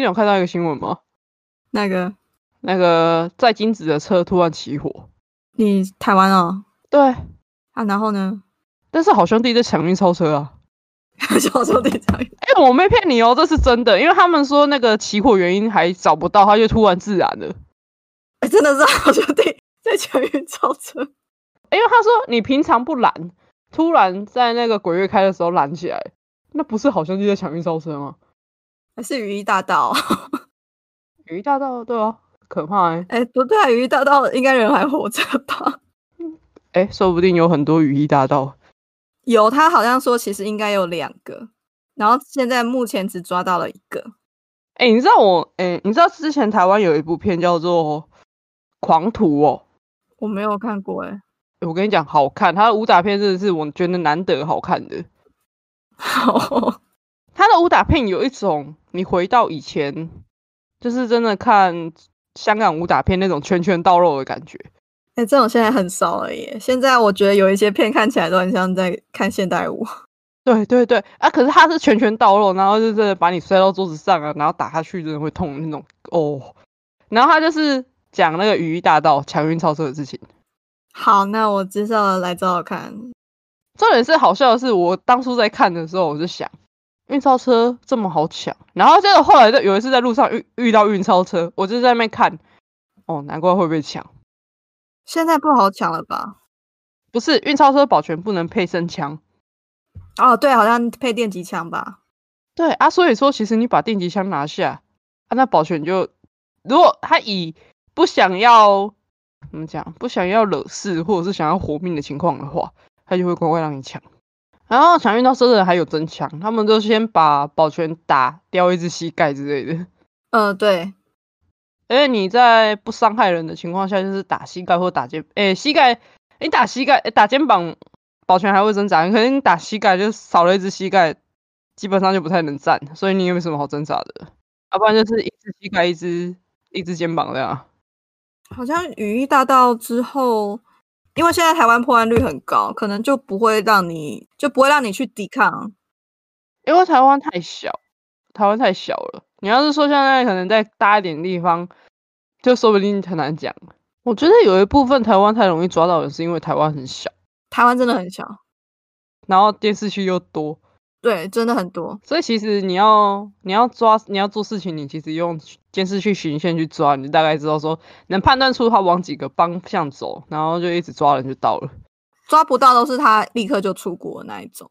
你有看到一個新聞嗎？那個，那個載金子的車突然起火。你台灣哦、喔？對。啊，然後呢？但是好兄弟在搶運鈔車啊！ 好兄弟搶運，哎、欸，我沒騙你哦，這是真的，因為他們說那個起火原因還找不到，他就突然自燃了。哎、欸，真的是好兄弟在搶運鈔車、 欸。因為他說你平常不燃，突然在那個鬼月開的時候燃起來，那不是好兄弟在搶運鈔車嗎？還是雨衣大盜，雨 衣大盜對哦、啊，可怕哎、欸、哎，不、欸、對、啊，羽衣大盜應該人還活着吧？哎、欸，說不定有很多雨衣大盜。有他好像說，其實應該有兩個，然後現在目前只抓到了一個。哎、欸，你知道我哎、欸，你知道之前台灣有一部片叫做《狂徒》哦、喔，我沒有看過哎、欸欸，我跟你講好看，他的武打片真的是我覺得難得好看的，好、哦。他的武打片有一種，你回到以前，就是真的看香港武打片那種拳拳到肉的感覺。哎、欸，這種現在很少了耶。現在我覺得有一些片看起來都很像在看現代舞。對對對，啊，可是他是拳拳到肉，然後就是把你摔到桌子上啊，然後打下去真的會痛那種哦。然後他就是講那個蓑衣大盜搶運鈔車的事情。好，那我接下來來找找看。重點是好笑的是，我當初在看的時候，我就想。運鈔車這麼好搶，然後這個後來就有一次在路上遇遇到運鈔車，我就在那邊看，哦，難怪會被搶。現在不好搶了吧？不是，運鈔車保全不能配身槍。哦，對，好像配電擊槍吧。對啊，所以說其實你把電擊槍拿下，啊，那保全就如果他以不想要怎麼講，不想要惹事或者是想要活命的情況的話，他就會乖乖讓你搶。然後搶運到生人還有增強，他們都先把保全打掉一只膝蓋之類的。嗯、呃，對。因為你在不傷害人的情況下，就是打膝蓋或打肩，誒膝蓋，你打膝蓋誒打誒，打肩膀，保全還會掙扎。可能你打膝蓋就少了一只膝蓋，基本上就不太能站，所以你也沒有什麼好掙扎的。要、啊、不然就是一只膝蓋，一只，一只肩膀這樣。好像蓑衣大盜之後。因為現在台灣破案率很高，可能就不會讓你，就不會讓你去抵抗，因為台灣太小，台灣太小了。你要是說現在可能在大一點的地方，就說不定很難講。我覺得有一部分台灣太容易抓到的是因為台灣很小，台灣真的很小，然後電視劇又多。對，真的很多。所以其實你要你要抓你要做事情，你其實用監視器去循線去抓，你大概知道說能判斷出他往幾個方向走，然後就一直抓人就到了。抓不到都是他立刻就出國的那一種，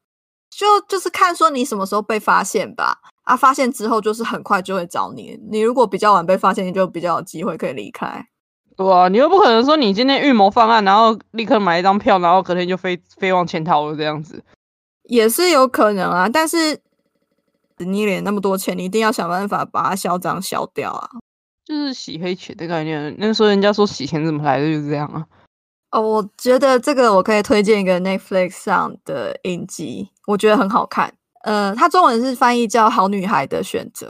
就就是看說你什麼時候被發現吧。啊，發現之後就是很快就會找你。你如果比較晚被發現，你就比較有機會可以離開。對啊，你又不可能說你今天預謀犯案，然後立刻買一張票，然後隔天就飛飛往潛逃了這樣子。也是有可能啊，但是你斂那麼多錢，你一定要想辦法把它銷贓銷掉啊，就是洗黑錢的概念。那時候人家說洗錢怎麼來的，就是這樣啊。哦，我覺得這個我可以推薦一個 Netflix 上的影集，我覺得很好看。呃，它中文是翻譯叫《好女孩的選擇》，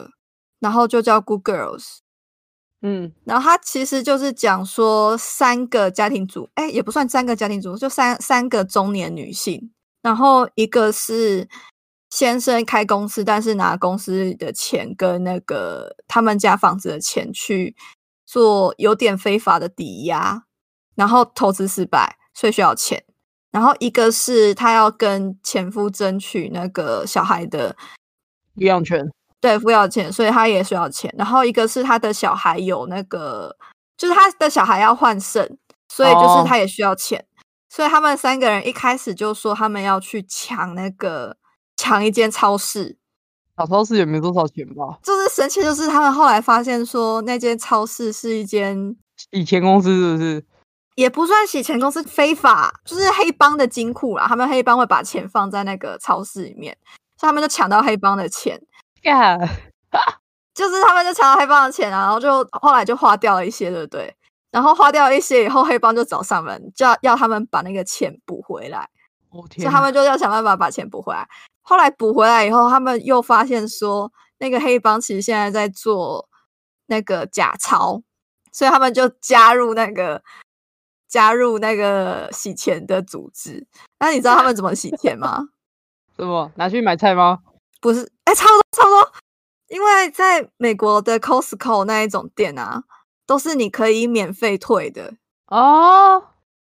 然後就叫《Good Girls》。嗯，然後它其實就是講說三個家庭主，誒也不算三個家庭主，就三三個中年女性。然後一個是先生開公司，但是拿公司的錢跟那個他們家房子的錢去做有點非法的抵押，然後投資失敗，所以需要錢。然後一個是他要跟前夫爭取那個小孩的撫養權，對，撫養權，所以他也需要錢。然後一個是他的小孩有那個，就是他的小孩要換腎，所以就是他也需要錢。Oh. 所以他們三個人一開始就說他們要去搶那個搶一間超市，搶超市也沒多少錢吧。就是神奇，就是他們後來發現說那間超市是一間洗錢公司，是不是？也不算洗錢公司，非法就是黑幫的金庫啦。他們黑幫會把錢放在那個超市裡面，所以他們就搶到黑幫的錢。啊就是他們就搶到黑幫的錢，然後就後來就花掉了一些，對不對？然後花掉一些以後，黑幫就找上門，叫要，要他們把那個錢補回來。哦、所以他們就要想辦法把錢補回來。後來補回來以後，他們又發現說，那個黑幫其實現在在做那個假鈔，所以他們就加入那個加入那個洗錢的組織。那你知道他們怎麼洗錢嗎？ 是不？拿去買菜嗎？不是，哎，差不多差不多，因為在美國的 Costco 那一種店啊。都是你可以免費退的哦，oh.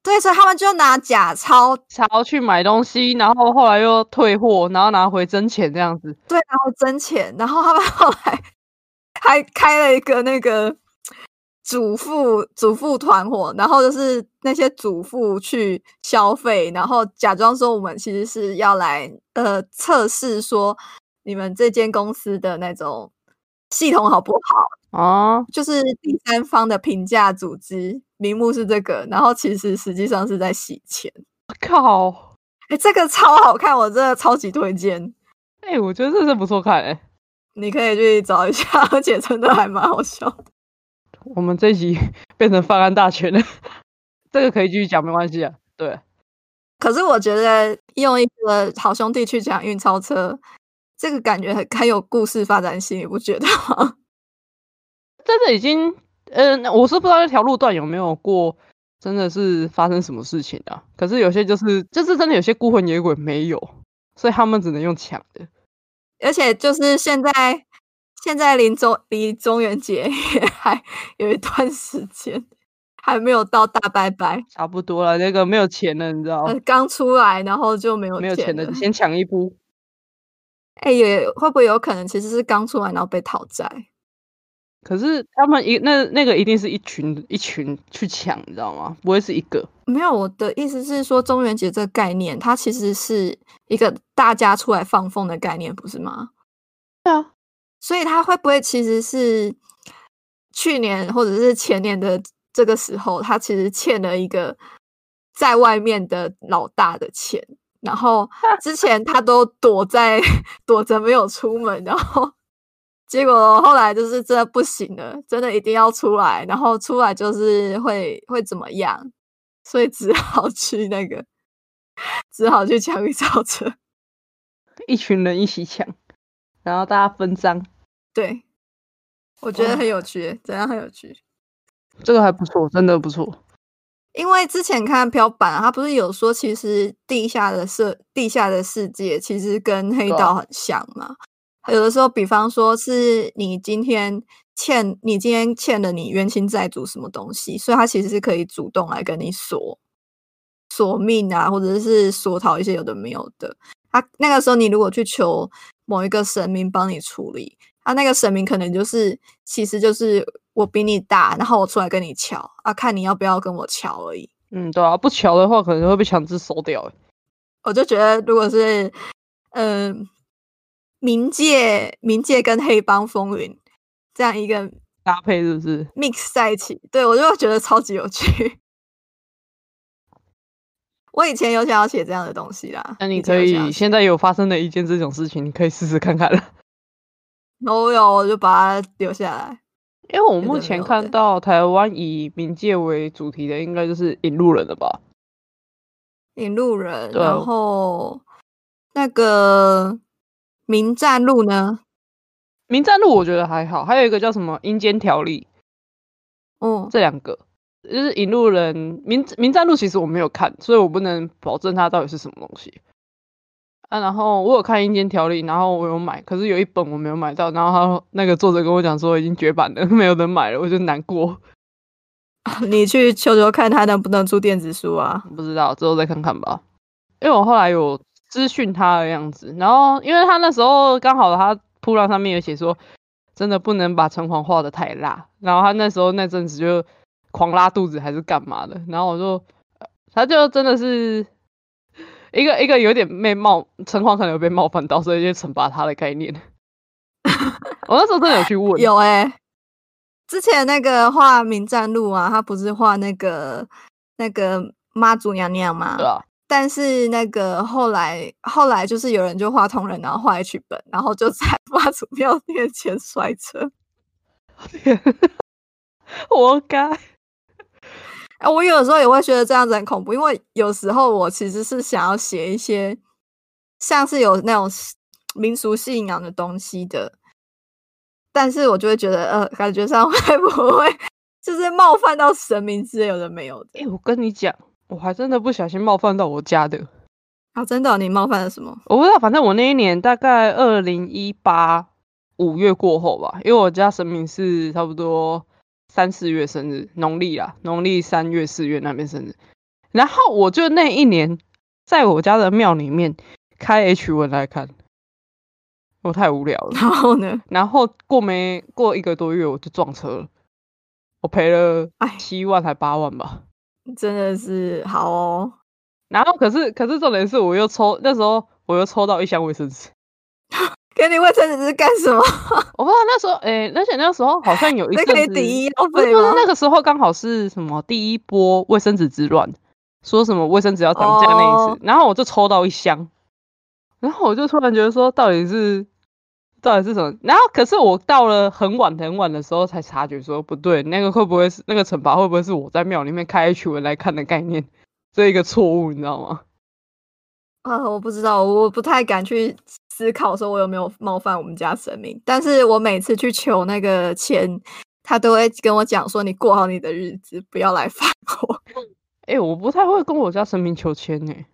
對，所以他們就拿假鈔想要去買東西，然後後來又退貨，然後拿回真錢這樣子。對，然後真錢，然後他們後來還開了一個那個主婦主婦團夥，然後就是那些主婦去消費，然後假裝說我們其實是要來呃測試說你們這間公司的那種。系統好不好？哦、啊，就是第三方的評價組織，名目是這個，然後其實實際上是在洗錢。啊、靠！哎、欸，這個超好看，我真的超級推薦。哎、欸，我覺得這是不錯看哎、欸，你可以去找一下，而且真的還蠻好笑的。我們這一集變成犯案大全了， 這個可以繼續講，沒關係啊。對，可是我覺得用一個好兄弟去講運鈔車。這個感覺還很有故事發展性，你不覺得嗎？真的已經，嗯、呃，我是不知道那條路段有沒有過，真的是發生什麼事情的、啊。可是有些就是，就是真的有些孤魂野鬼沒有，所以他們只能用搶的。而且就是現在，現在臨中，離中元節也還有一段時間，還沒有到大拜拜，差不多了。那個沒有錢了，你知道嗎？剛出來，然後就沒有錢的，先搶一波。哎、欸，也會不會有可能其實是剛出來然後被討債？可是他們一那那個一定是一群一群去搶，你知道嗎？不會是一個？沒有，我的意思是說，中元節這個概念，它其實是一個大家出來放風的概念，不是嗎？對啊，所以他會不會其實是去年或者是前年的這個時候，他其實欠了一個在外面的老大的錢？ 然後之前他都躲在躲着沒有出門，然後結果後來就是真的不行了，真的一定要出來，然後出來就是會會怎麼樣，所以只好去那個，只好去搶運鈔車，一群人一起搶，然後大家分贓。對，我覺得很有趣，哇怎樣很有趣？這個還不錯，真的不錯。因為之前看《漂板》，他不是有說，其實地下的世、地下的世界其實跟黑道很像嘛。啊、有的時候，比方說是你今天欠、你今天欠了你冤親債主什麼東西，所以他其實是可以主動來跟你索索命啊，或者是索討一些有的沒有的。他、啊、那個時候，你如果去求某一個神明幫你處理，他、啊、那個神明可能就是，其實就是。我比你大，然後我出來跟你喬啊，看你要不要跟我喬而已。嗯，對啊，不喬的話，可能會被強制收掉。我就覺得，如果是呃，冥界、冥界跟黑幫風雲這樣一個搭配，是不是 mix 在一起？對，我就會覺得超級有趣。 我以前有想要寫這樣的東西啦，那你可以，以前有寫要寫，現在有發生的一件這種事情，你可以試試看看了。沒有，我就把它留下來。因為我目前看到台灣以冥界為主題的，應該就是引路人了吧，《引路人》的吧、啊，《引路人》。然後那個《冥戰錄》呢？《冥戰錄》我覺得還好，還有一個叫什麼《陰間條例》哦。嗯，這兩個就是《引路人》《冥冥戰錄》。其實我沒有看，所以我不能保證它到底是什麼東西。啊，然後我有看《陰間條例》，然後我有買，可是有一本我沒有買到。然後他那個作者跟我講說已經絕版了，沒有人買了，我就難過。你去求求看，他能不能出電子書啊？不知道，之後再看看吧。因為我後來有諮詢他的樣子，然後因為他那時候剛好他噗浪上面有寫說，真的不能把城隍畫得太辣。然後他那時候那陣子就狂拉肚子還是幹嘛的，然後我就，他就真的是。一個一個有點被冒，城隍，可能有被冒犯到，所以就懲罰他的概念。 我那時候真的有去問， 有誒、欸、之前那個畫名戰路啊，他不是畫那個那個媽祖娘娘嘛？對啊。但是那個後來後來就是有人就畫同人，然後畫一曲本，然後就在媽祖廟面前摔車，活該天。 我哎、啊，我有的時候也會覺得這樣子很恐怖，因為有時候我其實是想要寫一些像是有那種民俗信仰的東西的，但是我就會覺得，呃，感覺上會不會 就是冒犯到神明之類的，的，沒有誒哎，我跟你講，我還真的不小心冒犯到我家的。啊，真的、哦，你冒犯了什麼？我不知道，反正我那一年大概二零一八五月過後吧，因為我家神明是差不多。三四月生日，農曆啦，農曆三月四月那邊生日。然後我就那一年，在我家的廟裡面開 H 文來看，我太無聊了。然後呢，然後過沒過一個多月，我就撞車了，我賠了七萬還八萬吧，真的是好哦。然後可是可是重點是，我又抽，那時候我又抽到一箱衛生紙。給你衛生紙是幹什麼？我不知道那時候，誒、欸，而且那時候好像有一個第一，是不是那個時候剛好是什麼第一波衛生紙之亂，說什麼衛生紙要漲價那一次，oh. 然後我就抽到一箱，然後我就突然覺得說到底是，到底是什麼？然後可是我到了很晚很晚的時候才察覺說不對，那個會不會是那個懲罰？會不會是我在廟裡面開 H 文來看的概念？這一個錯誤，你知道嗎？啊，我不知道，我不太敢去。思考說，我有沒有冒犯我們家神明？但是我每次去求那個籤，他都會跟我講說：“你過好你的日子，不要來煩我。”哎、欸，我不太會跟我家神明求籤誒、欸，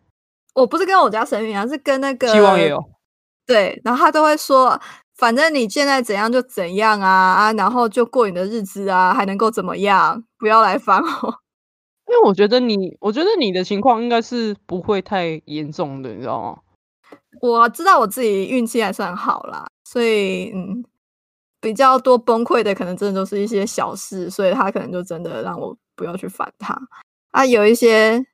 我不是跟我家神明，啊，是跟那個希望也有。對，然後他都會說：“反正你現在怎樣就怎樣啊啊，然後就過你的日子啊，還能夠怎麼樣？不要來煩我。”因為我覺得你，我覺得你的情況應該是不會太嚴重的，你知道嗎？我知道我自己運氣還算好啦，所以嗯，比較多崩潰的可能真的都是一些小事，所以他可能就真的讓我不要去煩他啊。有一些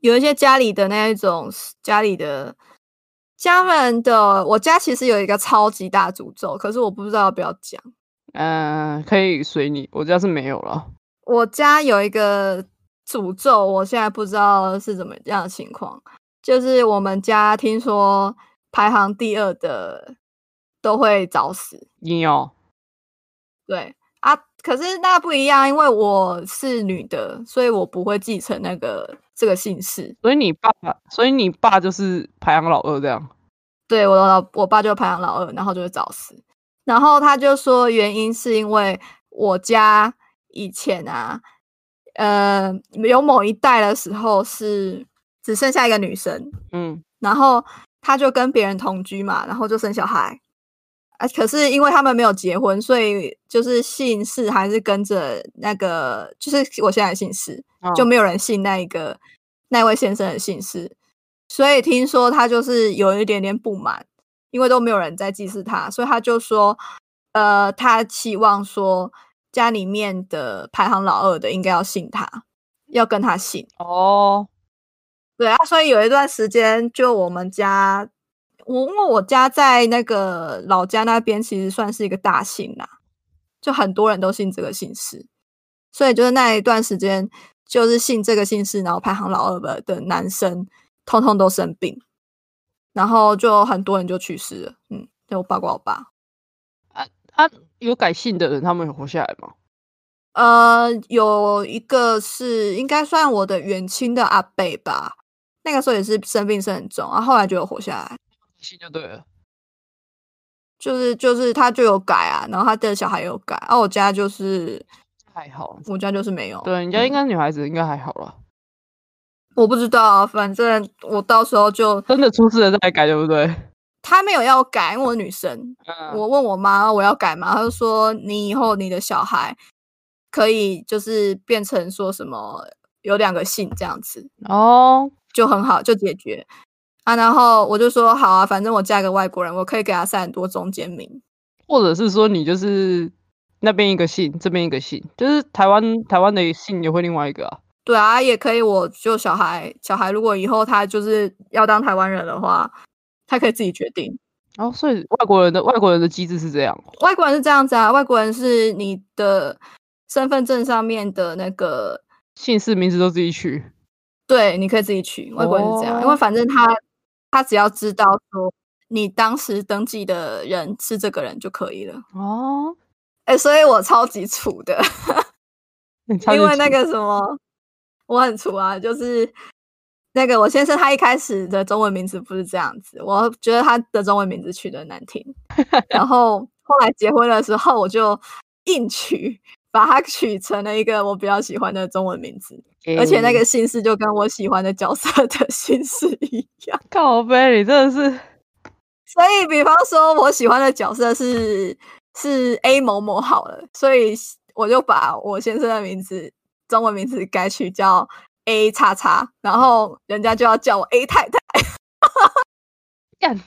有一些家裡的那一種家裡的家人的，我家其實有一個超級大詛咒，可是我不知道要不要講。嗯、呃，可以隨你。我家是沒有了，我家有一個詛咒，我現在不知道是怎麼樣的情況，就是我們家聽說。排行第二的都會早死，你有有。對啊，可是那不一樣，因為我是女的，所以我不會繼承那個這個姓氏。所以你爸爸，所以你爸就是排行老二這樣。對，我老我爸就排行老二，然後就會早死。然後他就說，原因是因為我家以前啊，呃，有某一代的時候是只剩下一個女生，嗯，然後。他就跟別人同居嘛，然後就生小孩，啊，可是因為他們沒有結婚，所以就是姓氏還是跟着那個，就是我現在姓氏，嗯、就沒有人姓那一個那位先生的姓氏，所以聽說他就是有一點點不滿，因為都沒有人在祭祀他，所以他就說，呃，他希望說家裡面的排行老二的應該要姓他，要跟他姓哦。對啊，所以有一段時間，就我們家，我因為我家在那個老家那邊，其實算是一個大姓啦，啊，就很多人都姓這個姓氏，所以就是那一段時間，就是姓這個姓氏，然後排行老二的的男生，通通都生病，然後就很多人就去世了。嗯，就包括我爸，啊，啊，有改姓的人，他們有活下來嗎？呃，有一個是應該算我的遠親的阿伯吧。那個時候也是生病，是很重，然、啊、後後來就有活下來。信就對了，就是就是他就有改啊，然後他的小孩也有改啊。我家就是還好，我家就是沒有。對，你家應該是女孩子、嗯、應該還好啦。我不知道、啊，反正我到時候就真的出事了再改，對不對？他沒有要改，我女生。 嗯、我問我媽我要改嗎？她就說，你以後你的小孩可以就是變成說什麼有兩個姓這樣子哦。就很好，就解決啊！然後我就說好啊，反正我嫁個外國人，我可以給他塞很多中間名，或者是說你就是那邊一個姓，這邊一個姓，就是台灣台灣的姓也會另外一個啊。對啊，也可以。我就小孩小孩，如果以後他就是要當台灣人的話，他可以自己決定。哦，所以外國人的外國人的機制是這樣，外國人是這樣子啊，外國人是你的身份證上面的那個姓氏名字都自己取。對，你可以自己取，外國人是這樣，哦、因為反正他他只要知道說你當時登記的人是這個人就可以了。哦，哎、欸，所以我超級粗的， 嗯、因為那個什麼，我很粗啊，就是那個我先生他一開始的中文名字不是這樣子，我覺得他的中文名字取得難聽， 然後後來結婚的時候我就硬取。把它取成了一個我比較喜歡的中文名字，A. 而且那個姓氏就跟我喜歡的角色的姓氏一樣。靠北，你真的是！所以，比方說我喜歡的角色是是 A 某某好了，所以我就把我先生的名字中文名字改取叫 A 叉叉，然後人家就要叫我 A 太太。 yeah.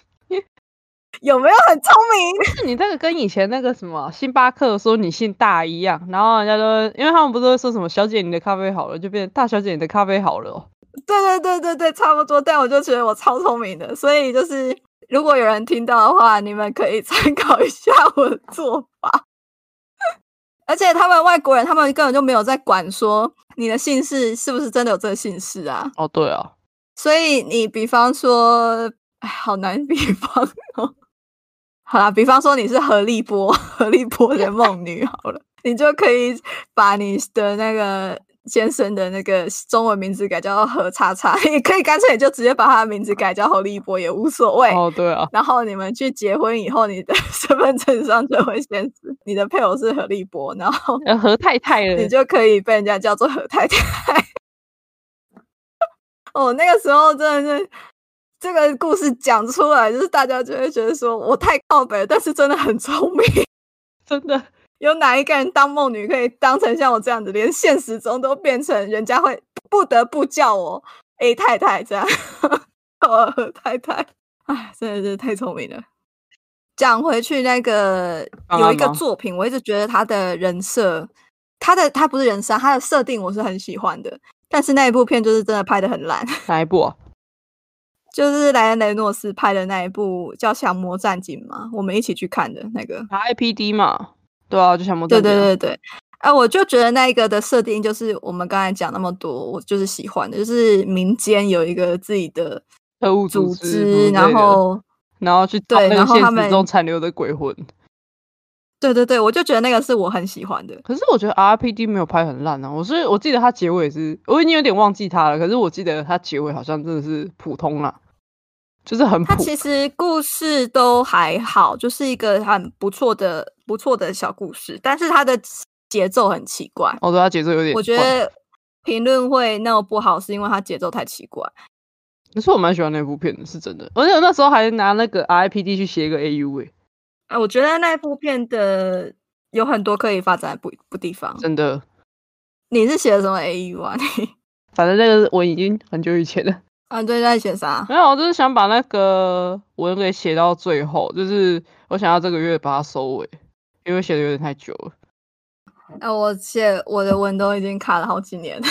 有沒有很聰明？不是，你這個跟以前那個什麼星巴克說你姓大一樣，然後人家都，因為他們不是都會說什麼小姐，你的咖啡好了，就變大小姐，你的咖啡好了哦。對對對對對，差不多。但我就覺得我超聰明的，所以就是如果有人聽到的話，你們可以參考一下我的做法。 而且他們外國人，他們根本就沒有在管說你的姓氏是不是真的有這個姓氏啊？哦，對啊、哦。所以你比方說，哎，好難比方哦。好啦，比方說你是何立波，何立波的夢女 好了，你就可以把你的那個先生的那個中文名字改叫做何叉叉，也可以乾脆你就直接把他的名字改叫何立波也無所謂。哦，對啊。然後你們去結婚以後，你的身份證上就會顯示你的配偶是何立波，然後何太太，你就可以被人家叫做何太太。 哦，那個時候真的是。這個故事講出來，就是大家就會覺得說我太靠北了，但是真的很聰明，真的有哪一個人當夢女可以當成像我這樣子，連現實中都變成人家會不得不叫我 A 太太這樣， 太太，哎，真的是太聰明了。講回去那個有一個作品，我一直覺得它的人設，它的他不是人設，它的設定我是很喜歡的，但是那一部片就是真的拍得很爛，哪一部啊？就是萊恩雷諾斯拍的那一部叫《降魔戰警》嘛，我們一起去看的那個、啊、IPD 嘛，對啊，就降魔戰警。對對對對，哎、啊，我就覺得那一個的設定就是我們剛才講那麼多，我就是喜歡的，就是民間有一個自己的組織，特務然後然後去那些對，然後他們中殘留的鬼魂。對對對，我就覺得那個是我很喜歡的。可是我覺得 RIPD 沒有拍很爛啊，我是我記得它結尾是，我已經有點忘記它了。可是我記得它結尾好像真的是普通啦、啊，就是很普。它其實故事都還好，就是一個很不錯的、不錯的小故事。但是它的節奏很奇怪。哦，對，它節奏有點。我覺得評論會那麼不好，是因為它節奏太奇怪。可哇是我蠻喜歡那部片的，是真的。而且我那時候還拿那個 RIPD 去寫一個 A U 哎、欸。啊、我覺得那部片的有很多可以發展的不不地方。真的，你是寫的什麼 AU 啊？你，反正那個我已經很久以前了。啊，對，在寫啥？沒有，我就是想把那個文給寫到最後，就是我想要這個月把它收尾，因為寫的有點太久了。啊，我寫我的文都已經卡了好幾年了，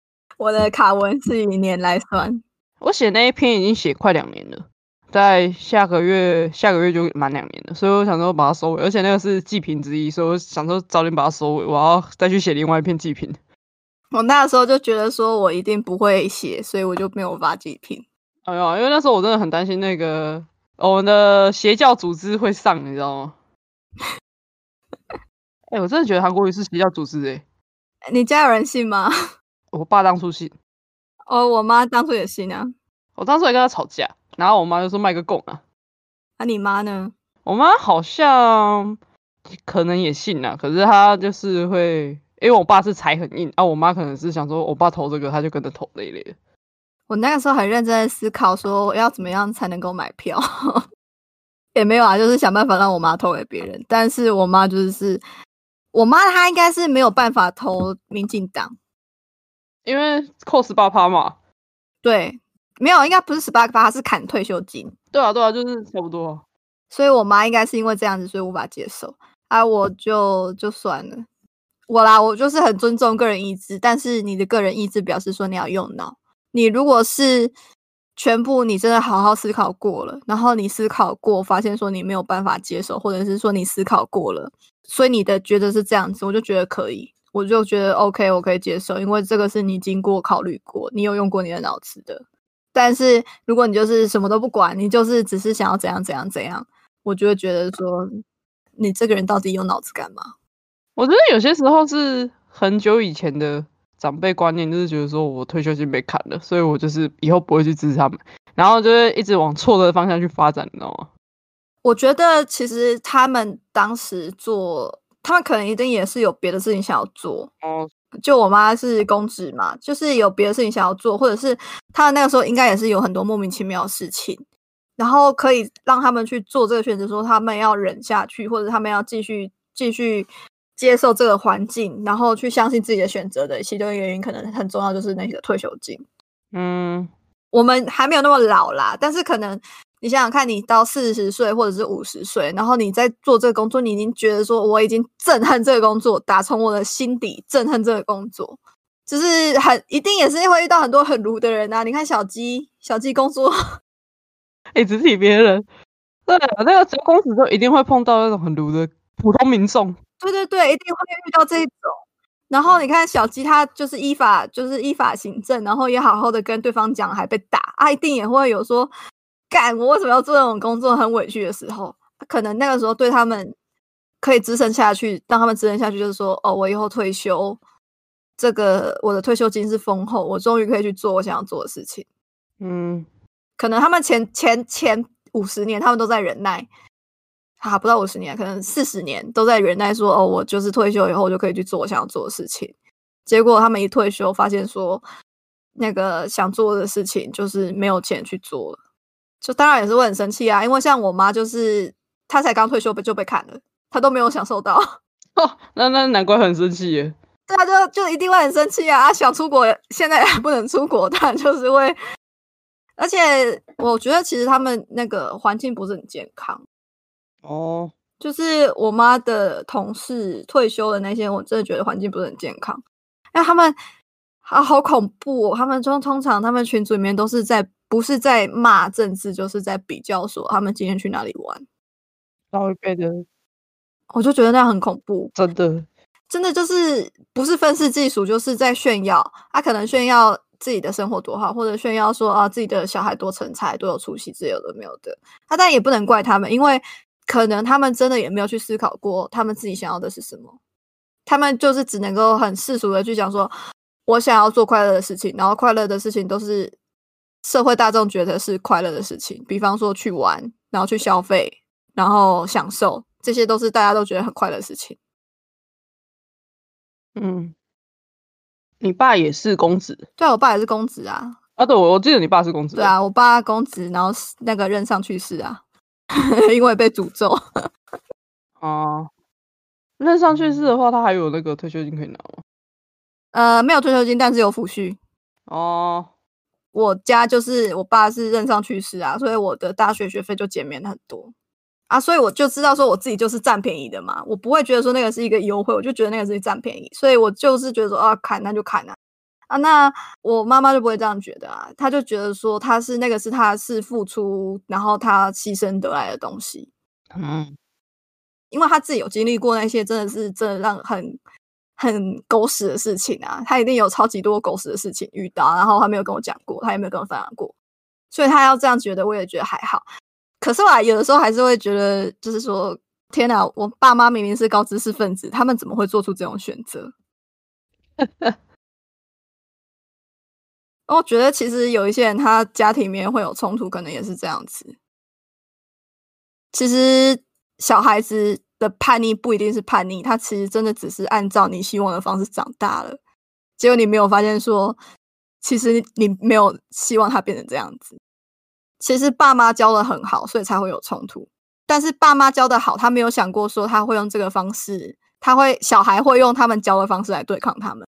我的卡文是以年來算。我寫那一篇已經寫快兩年了。在下個月，下個月就滿兩年了，所以我想說把它收尾，而且那個是祭品之一，所以我想說早點把它收尾，我要再去寫另外一篇祭品。我那時候就覺得說我一定不會寫，所以我就沒有發祭品。哎呦，因為那時候我真的很擔心那個、哦、我們的邪教組織會上，你知道嗎？ 哎，我真的覺得韓國瑜是邪教組織哎、欸。你家有人信嗎？我爸當初信。哦，我媽當初也信啊。我當時還跟他吵架，然後我媽就說賣個供啊，那、啊、你媽呢？我媽好像可能也信啊，可是她就是會，因為我爸是財很硬啊，我媽可能是想說我爸投這個，她就跟着投那一類。我那個時候很認真思考，說我要怎麼樣才能夠買票， 也沒有啊，就是想辦法讓我媽投給別人，但是我媽就是，我媽她應該是沒有辦法投民進黨，因為扣十八趴嘛。對。沒有，應該不是十八趴，他是砍退休金。對啊，對啊，就是差不多。所以我媽應該是因為這樣子，所以無法接受。啊我就就算了。我啦，我就是很尊重個人意志，但是你的個人意志表示說你要用腦。你如果是全部，你真的好好思考過了，然後你思考過發現說你沒有辦法接受，或者是說你思考過了，所以你的覺得是這樣子，我就覺得可以，我就覺得 OK，我可以接受，因為這個是你經過考慮過，你有用過你的腦子的。但是如果你就是什麼都不管，你就是只是想要怎樣怎樣怎樣，我就會覺得說，你這個人到底有腦子幹嘛？我覺得有些時候是很久以前的長輩觀念，就是覺得說我退休金被砍了，所以我就是以後不會去支持他們，然後就會一直往錯的方向去發展，你知道嗎？我覺得其實他們當時做，他們可能一定也是有別的事情想要做。哦。就我媽是公職嘛，就是有別的事情想要做，或者是她那個時候應該也是有很多莫名其妙的事情，然後可以讓他們去做這個選擇，說他們要忍下去，或者他們要繼續繼續接受這個環境，然後去相信自己的選擇的。其中一個原因可能很重要，就是那個退休金。嗯，我們還沒有那麼老啦，但是可能。你想想看，你到四十歲或者是五十歲，然後你在做這個工作，你已經覺得說我已經憎恨這個工作，打從我的心底憎恨這個工作，就是很一定也是會遇到很多很盧的人吶、啊。你看小雞，小雞工作，哎、欸，只體別人，對、啊，那個做公職就一定會碰到那種很盧的普通民眾，對對對，一定會遇到這一種。然後你看小雞，他就是依法就是依法行政，然後也好好的跟對方講，還被打，啊，一定也會有說。幹我為什麼要做那種工作？很委屈的時候，可能那個時候對他們可以支撐下去，當他們支撐下去，就是說，哦，我以後退休，這個我的退休金是豐厚，我終於可以去做我想要做的事情。嗯，可能他們前前前五十年，他們都在忍耐，啊，不到五十年，可能四十年都在忍耐，說，哦，我就是退休以後就可以去做我想要做的事情。結果他們一退休，發現說，那個想做的事情就是沒有錢去做了。就當然也是會很生氣啊，因為像我媽，就是她才剛退休就被砍了，她都沒有享受到。哦，那那難怪很生氣耶。對啊，就就一定會很生氣啊！想出國，現在還不能出國，當然就是會，而且我覺得其實他們那個環境不是很健康。哦，就是我媽的同事退休的那些，我真的覺得環境不是很健康。哎，他們啊，好恐怖哦！他們通通常他們群組裡面都是在。不是在罵政治，就是在比較說他們今天去哪裡玩，老一輩的，我就覺得那樣很恐怖，真的，真的就是不是憤世嫉俗，就是在炫耀。他、啊、可能炫耀自己的生活多好，或者炫耀說啊自己的小孩多成才，多有出息，之類的，沒有的。他、啊、但也不能怪他們，因為可能他們真的也沒有去思考過他們自己想要的是什麼，他們就是只能夠很世俗的去講說，我想要做快樂的事情，然後快樂的事情都是。社會大眾覺得是快樂的事情，比方說去玩，然後去消費，然後享受，這些都是大家都覺得很快樂的事情。嗯，你爸也是公職？對，我爸也是公職啊。啊，對，我我記得你爸是公職。對啊，我爸公職，然後那個任上去世啊， 因為被詛咒。哦、 啊、任上去世的話，他還有那個退休金可以拿嗎？呃，沒有退休金，但是有撫恤。哦、啊。我家就是我爸是任上去世啊，所以我的大學學費就減免了很多啊，所以我就知道說我自己就是占便宜的嘛，我不會覺得說那個是一個優惠，我就覺得那個是占便宜，所以我就是覺得說啊，砍那就砍啊啊，那我媽媽就不會這樣覺得啊，她就覺得說她是那個是她是付出，然後她犧牲得來的東西，嗯，因為她自己有經歷過那些，真的是真的讓很。很狗屎的事情啊！他一定有超級多狗屎的事情遇到，然後他沒有跟我講過，他也沒有跟我分享過，所以他要這樣覺得，我也覺得還好。可是我有的時候還是會覺得，就是說，天哪！我爸媽明明是高知識分子，他們怎麼會做出這種選擇？ 我覺得其實有一些人，他家庭裡面會有衝突，可能也是這樣子。其實小孩子。的叛逆不一定是叛逆，他其實真的只是按照你希望的方式長大了，結果你沒有發現說，其實你沒有希望他變成這樣子。其實爸媽教的很好，所以才會有衝突。但是爸媽教的好，他沒有想過說他會用這個方式，他會小孩會用他們教的方式來對抗他們。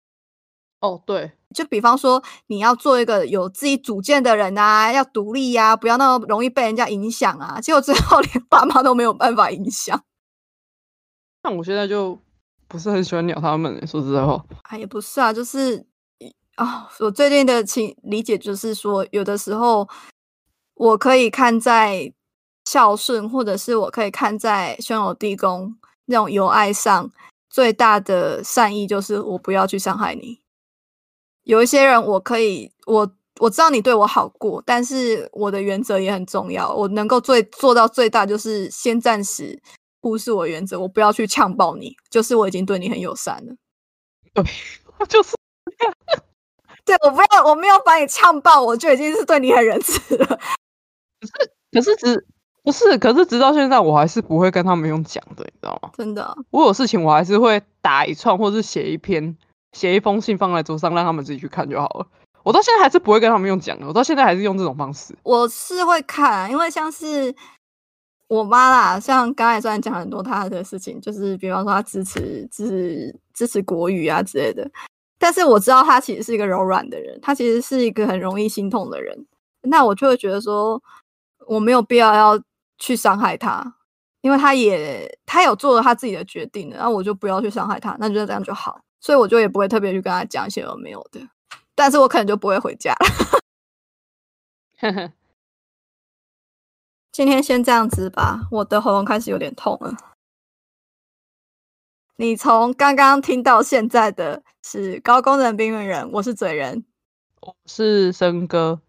哦，對，就比方說你要做一個有自己主見的人啊，要獨立呀、啊，不要那麼容易被人家影響啊。結果最後連爸媽都沒有辦法影響。像我現在就不是很喜歡鳥他們、欸，說實在話，哎，也不是啊，就是，啊、哦，我最近的理理解就是說，有的時候我可以看在孝順，或者是我可以看在兄友弟恭那種友愛上，最大的善意就是我不要去傷害你。有一些人我可以，我我知道你對我好過，但是我的原則也很重要，我能夠最做到最大就是先暫時。不是，我原則，我不要去嗆爆你。就是我已經對你很友善了，對， 就是對。我不要，我沒有把你嗆爆，我就已經是對你很仁慈了。可是，可是直，直不是，可是直到現在，我還是不會跟他們用講的，你知道嗎？真的，我有事情，我還是會打一串，或是寫一篇，寫一封信，放在桌上，讓他們自己去看就好了。我到現在還是不會跟他們用講的，我到現在還是用這種方式。我是會看，因為像是。我媽啦，像剛才雖然講很多她的事情，就是比方說她支持支持支持國語啊之類的，但是我知道她其實是一個柔軟的人，她其實是一個很容易心痛的人。那我就會覺得說，我沒有必要要去傷害她，因為她也她有做了她自己的決定的，那、啊、我就不要去傷害她，那就這樣就好。所以我就也不會特別去跟她講一些有沒有的，但是我可能就不會回家了。 今天先這樣子吧，我的喉嚨開始有點痛了。你從剛剛聽到現在的是高功能病人，我是嘴人，我是笙歌。